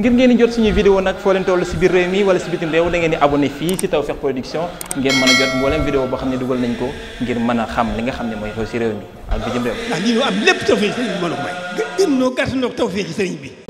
ngir ngeen di jot suñuy vidéo nag foo leen toll si biir réew mi wala si bitim réew da di abonné fii si Tawfekh Production ngeen mën a jot mboolem vidéo boo xam ne dugal nañ ko ngir mën a xam li nga xam ne mooy xew si réew mi ak bitim réew. ndax lii may. gën noo gàtt noo Tawfekh sëriñ bi.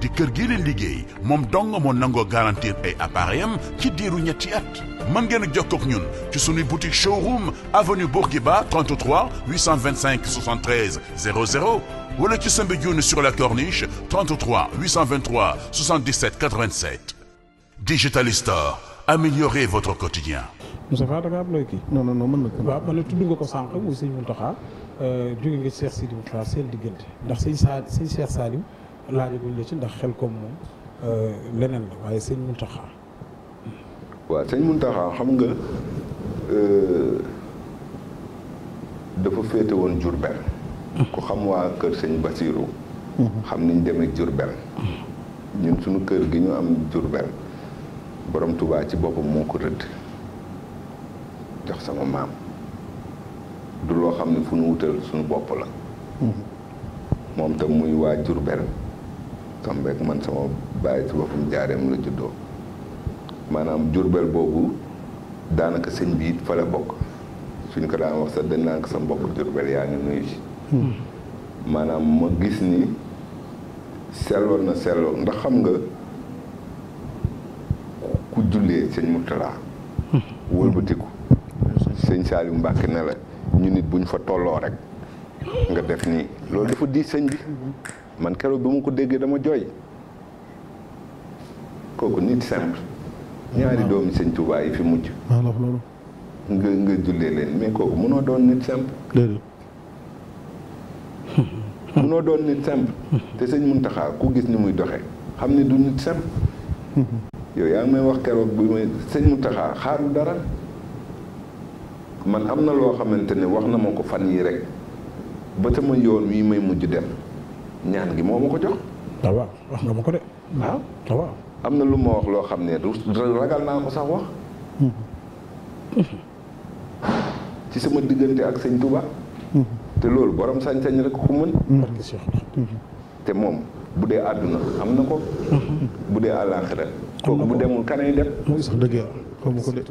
di kër gi leen liggéey moom dong moo nangoo garantir ay appareil am ci diiru ñetti at mën ngeen a jokkoo ak ñun ci suñuy boutique showroom avenue Bourguiba 33 825 73 00 wala ci Soumbédioune sur la corniche 33 823 77 87 Digital Store améliorez votre quotidien. Moussa Fall da ngaa am looy kii. non non non mën na ko. waaw nga ko sànq muy sëñ Mountakha euh, jóge nga ci Cheikh Sidi Mountakha seen diggante ndax sëñ Sa sëñ Cheikh Saliou. laajaguñ la ci ndax xel comme moom euh, leneen la waaye sëñ waa waaw mun Mountakha xam nga euh, dafa féete woon Diourbel. Mm-hmm. ku xam waa kër sëñ Basirou. Mm-hmm. xam niñ demee Diourbel. Mm-hmm. ñun suñu kër gi ñu am Diourbel borom Touba ci boppam moo ko rëdd jox sama maam du loo xam ne fu nu wutal suñu bopp la. moom tam muy waa Diourbel tombeek man sama bàyyi ci boppam jaareem la juddoo maanaam jurbel boobu daanaka sëñ bi it fa la bokk suñ ko daan wax sax dañ sa mbokk jurbel yaa ngi nuyu si hmm. maanaam ma gis ni selloon na selloo ndax xam nga ku jullee sëñ Murtala hmm. wëlbatiku hmm. sëñ Saaliu Mbàkke ne la ñu nit buñ fa tolloo rek nga def nii loolu dafa di sëñ bi man keroog bi mu ko déggee dama jooy kooku nit simple ñaari doomi sëñ Tuubaa yi fi mujj nga nga jullee leen mais kooku mënoo doon nit simple mënoo doon nit simple te sëñ Muntaxa ku gis ni muy doxee xam ne du nit simple yow yaa may wax keroog bi may sëñ taxaa xaaru dara man am na loo xamante ne wax na ma ko fan yi rek ba sama yoon wi may mujj dem ñaan gi moom ma ko jox. waaw wax nga ma ko de. waaw ah. waaw. am na lu ma wax loo xam ne du ragal naa ko sax wax. Hmm. ci sama diggante ak sëñ Touba. Hmm. te loolu boroom sañ-sañ rek ko mën. Hmm. te moom bu dee àdduna am na ko. bu dee àllaaxira kooku bu demul kanay dem. mooy sax dëgg yàlla xamu ko de.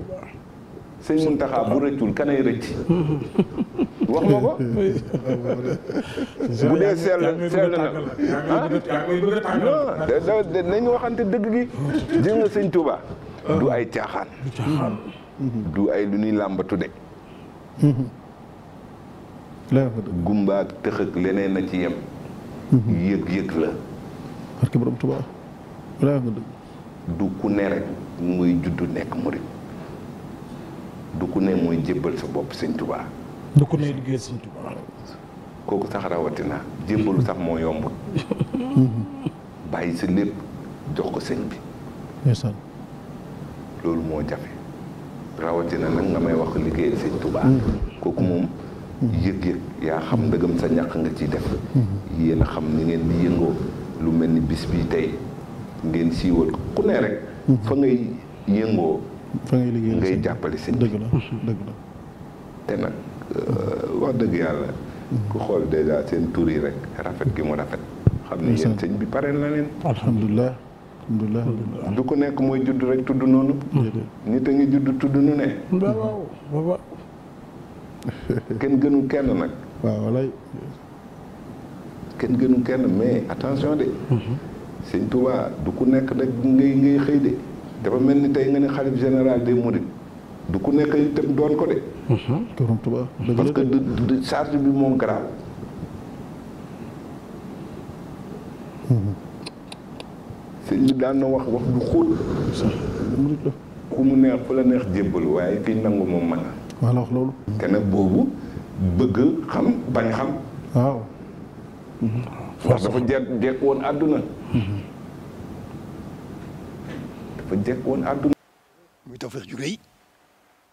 sëñ bu rëccul kanay rëcc. wax nga ko. bu dee sell sell na ah waxante dëgg gi. gis nga sëñ Touba. du ay caaxaan. du ay lu ñuy làmbatu de. gumbaak tëxëg leneen na ci yem. yëg-yëg la. du ku ne rek muy juddu nekk murit du ku ne mooy jébbal sa bopp sëñ Touba. du ko nuy liggéey Sëñ Tuubaa kooku sax rawatina jébbalu sax moo yombul bàyyi sa lépp jox ko sëñ bi loolu moo jafe rawatina nag nga may wax liggéeyal Sëñ Tuubaa mm-hmm. kooku moom mm-hmm. yëg-yëg yaa xam ndëgam sa ñaq nga ciy def mm-hmm. yéen a xam ni ngeen di yëngoo lu mel ni bis bi tey ngeen siiwal ku ne rek fa ngay yëngoo fa ngay liggéeyal ngay jàppale sëñ bi dëgg te nag Euh, wax dëgg yàlla ku xool dèjà seen tur yi rek rafet gi mu rafet xam ne yéen sëñ bi pare na leen alhamdulilah alhamdulilah du ko nekk mooy judd rek tudd noonu nit a ngi judd tudd nu ne waaw waaw kenn gënu kenn nag waaw walay kenn gënu kenn mais mm-hmm. attention de mm-hmm. sëñ Touba du ku nekk rek ngay ngay xëy de dafa mel ni tey nga ne xalif général des mourides du ku nekk itam doon ko de. Mhm. parce que du charge bi moom garaaw. Mhm. sëñ bi daan na wax wax du xóot. ku mu neex fu la neex jébbalu waaye ki nangu moom mën a. wala wax loolu. te boobu bëgg xam bañ xam. waaw. Mhm. dafa jekk woon àdduna. dafa jekk woon àdduna.